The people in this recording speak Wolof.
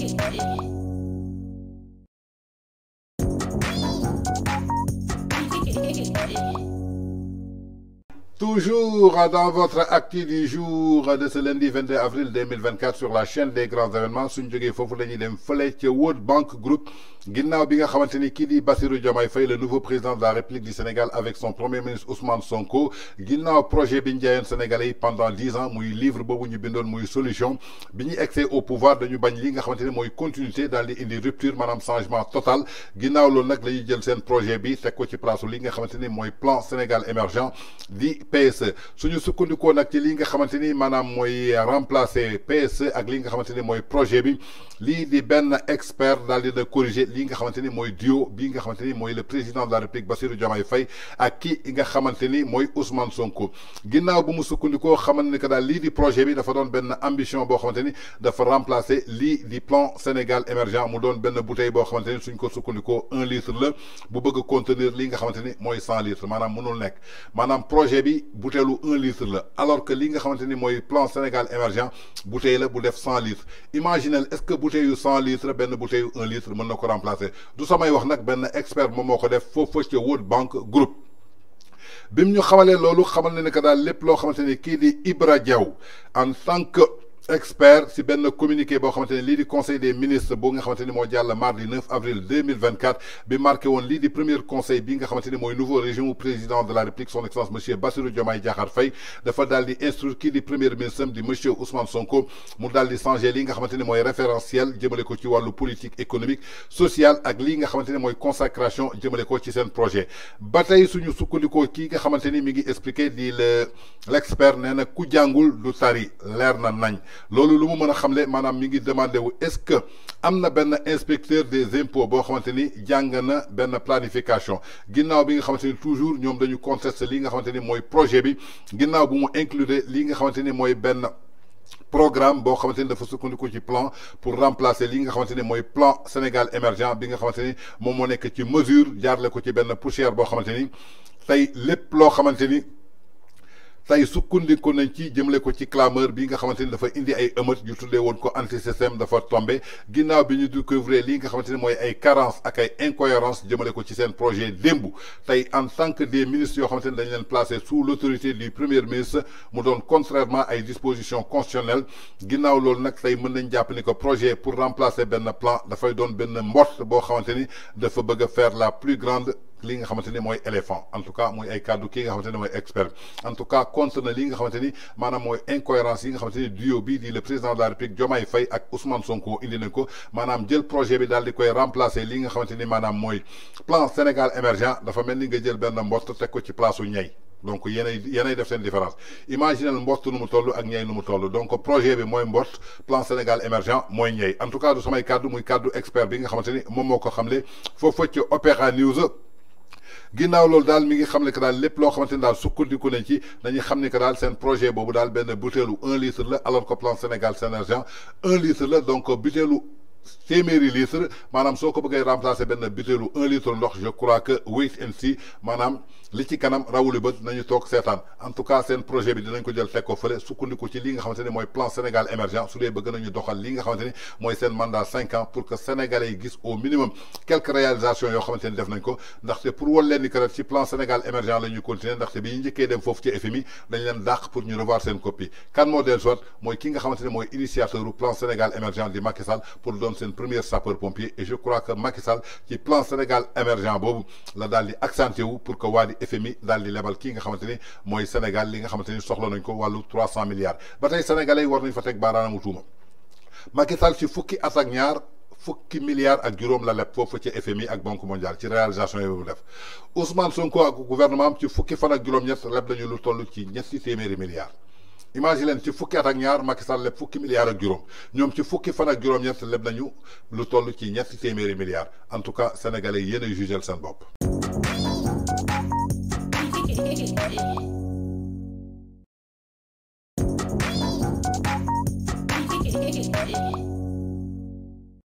Thank you. Toujours dans votre acte du jour de ce lundi 22 avril 2024 sur la chaîne des grands événements suñ jógee dem fële World Bank Group bi nga le nouveau président de la République du Sénégal avec son premier ministre Ousmane Sonko Le projet bi Sénégalais pendant dix ans Mouy livre Bobu ñu bindoon la solution bi au pouvoir de bañ li nga xamante continuité dans les rupture changement total Le projet bi teg ko ci place li plan Sénégal émergent di. PSE suñu sukkandikoo nak ci li nga xamanteni remplace moy remplacer PS ak li nga xamanteni moy projet bi li di ben expert daal di corriger li nga xamanteni moy duo bi nga xamanteni moy le président de la République Bassirou Diomaye Faye ak ki nga xamanteni moy Ousmane Sonko Ginnaw bu mu sukkandikoo xamanteni ka que li di projet bi dafa don ben ambition bo xamanteni dafa remplacer li di plan Sénégal émergent mu don ben bouteille bo xamanteni suñ ko un litre le, bu bëgg contenir li nga xamanteni moy 100 cent litres Manam mënul nek manam projet bi bouteille butéelu un litre la alors que li nga xamanteni moy plan Sénégal émergent bouteille la bu def 100 litres imaginez est ce que bouteille yu cent litres ben bouteille yu un litre mën na ko remplacer du samay wax nak ben expert mom moko ko def fo ca World Bank Group. bim ñu xamalé lolu xamal na ni que dal lepp lo xamanteni ki kii di Ibra Diaw en tant que expert ci ben communiqué bo xamanteni li di conseil des ministres bo nga xamanteni mo jall mardi 9 avril 2024 bi marqué won li di premier conseil bi nga xamanteni moy nouveau régime président de la république son excellence monsieur Bassirou Diomaye Diakhar Faye dafa daldi instruire ki di premier ministre di monsieur Ousmane Sonko mu daldi di li nga xamanteni moy référentiel jëmale ko ci walu politique économique sociale ak li nga xamanteni moy consacration jëmale ko ci sen projet batay suñu sukkandikoo ki nga xamanteni mi ngi expliqué di le l' ku jangul du sari, leer na nañ loolu lu mu mën a xamle maanaam mi ngi demandé wu est-ce que amna ben inspecteur des impôts bo xamanteni jangana ben planification ginnaw bi nga xamanteni toujours ñom dañu conteste li nga xamanteni moy projet bi ginnaw bu mu inclure li nga xamanteni moy ben programme bo xamanteni ni dafa sukkandiku ci plan pour remplacer li nga xamanteni moy plan Sénégal émergent bi nga xamanteni mom mo nek ci mesure jaarle ko ci ben poussière bo xamanteni tay lepp lo xamanteni tey sukkandiku nañ ci jëmale ko ci clameur bi nga xamante ni dafa indi ay émeute yu tuddee woon ko anti système dafa tombé ginnaaw bi ñu découvrir li nga xamante ni mooy ay carence ak ay incohérence jëmale ko ci seen projet démb tay en tant que des ministres yoo xamante ni dañ leen placé sous l' autorité du premier ministre mu doon contrairement ay dispositions constitutionnelles ginnaaw loolu nag tey mën nañ jàpp ni que projet pour remplacer benn plan dafay doon benn mbott boo xamante ni dafa bëgg a faire la plus grande li nga xamante ni éléphant en tout cas moy ay kàddu ki nga xamanteni moy expert en tout cas contre na li nga xamante ni maanaam incohérence yi nga xamanteni duo bi di le président de la république Diomaye Faye ak Ousmane Sonko indi nañ ko maanaam jël projet bi dal di koy remplacer li nga xamante ni maanaam plan Sénégal émergent dafa melni nga jël ben mbott teg ko ci place su ñay donc yéenay yéenay def seen différence imaginez mbott nu mu toll ak ñey nu mu toll donc projet bi moy mbott plan Sénégal émergent moy ñey en tout cas du samay cadre muy cadre expert bi nga xamanteni mom moko moo ko xamle ci Opéra News ginnaaw loolu daal mi ngi xam ne que daal lépp loo xamante ni daal sukkandiku nañ ci dañuy xam ni que daal seen projet boobu daal benn butéelu un litre la alors que Sénégal Émergent un litre la donc butéelu téeméeri litre maanaam Soko ko bëggee remplacer benn butéelu un litre ndox je crois que wait and see maanaam li ci kanam rawuli bët nañu toog seetaan en tout cas seen projet bi dinañ ko jël teg ko fële sukkandiku ci li nga xamante ni plan Sénégal émergent su dee bëgg nañu doxal li nga xamante ni mooy mandat 5 ans pour que sénégalais yi au minimum quelques réalisations yo xamante ni def nañ ko ndaxte pour wal leen ni ci plan Sénégal émergent la ñuy continuer ndaxte bi ñu njëkkee dem foofu ci FMI dañ leen dàq pour ñu revoir seen copie kan moo dellusiwaat mooy ki nga xamante ni mooy initiateur plan Sénégal émergent di Macky Sall pour c'est une première sapeur pompier et je crois que Macky Sall qui plan Sénégal émergent bob la dalle accenté pour que wadi FMI daal di lebal kii nga xamanteni moy Sénégal li nga xamanteni ni soxla nañ ko walu trois milliards batay sénégalais war nañ fa teg baaraanamu tuuma Macky Sall ci fukki at ñaar. fukki milliards ak juróom la lepp fofu ci FMI ak banque mondiale ci réalisation yooyu def Ousmane Sonko ak gouvernement ci fukki fan ak juróom-ñett lepp dañu lu tollu ci ñetti téeméeri milliards. image leen ci fukki at ak ñaar Macky Sall leb fukki milliards ak juróom ñoom ci fukki fan ak juróom-ñett leb nañu lu tollu ci ñetti téeméeri milliards en tout cas sénégalais yéen a jugeel seen bopp.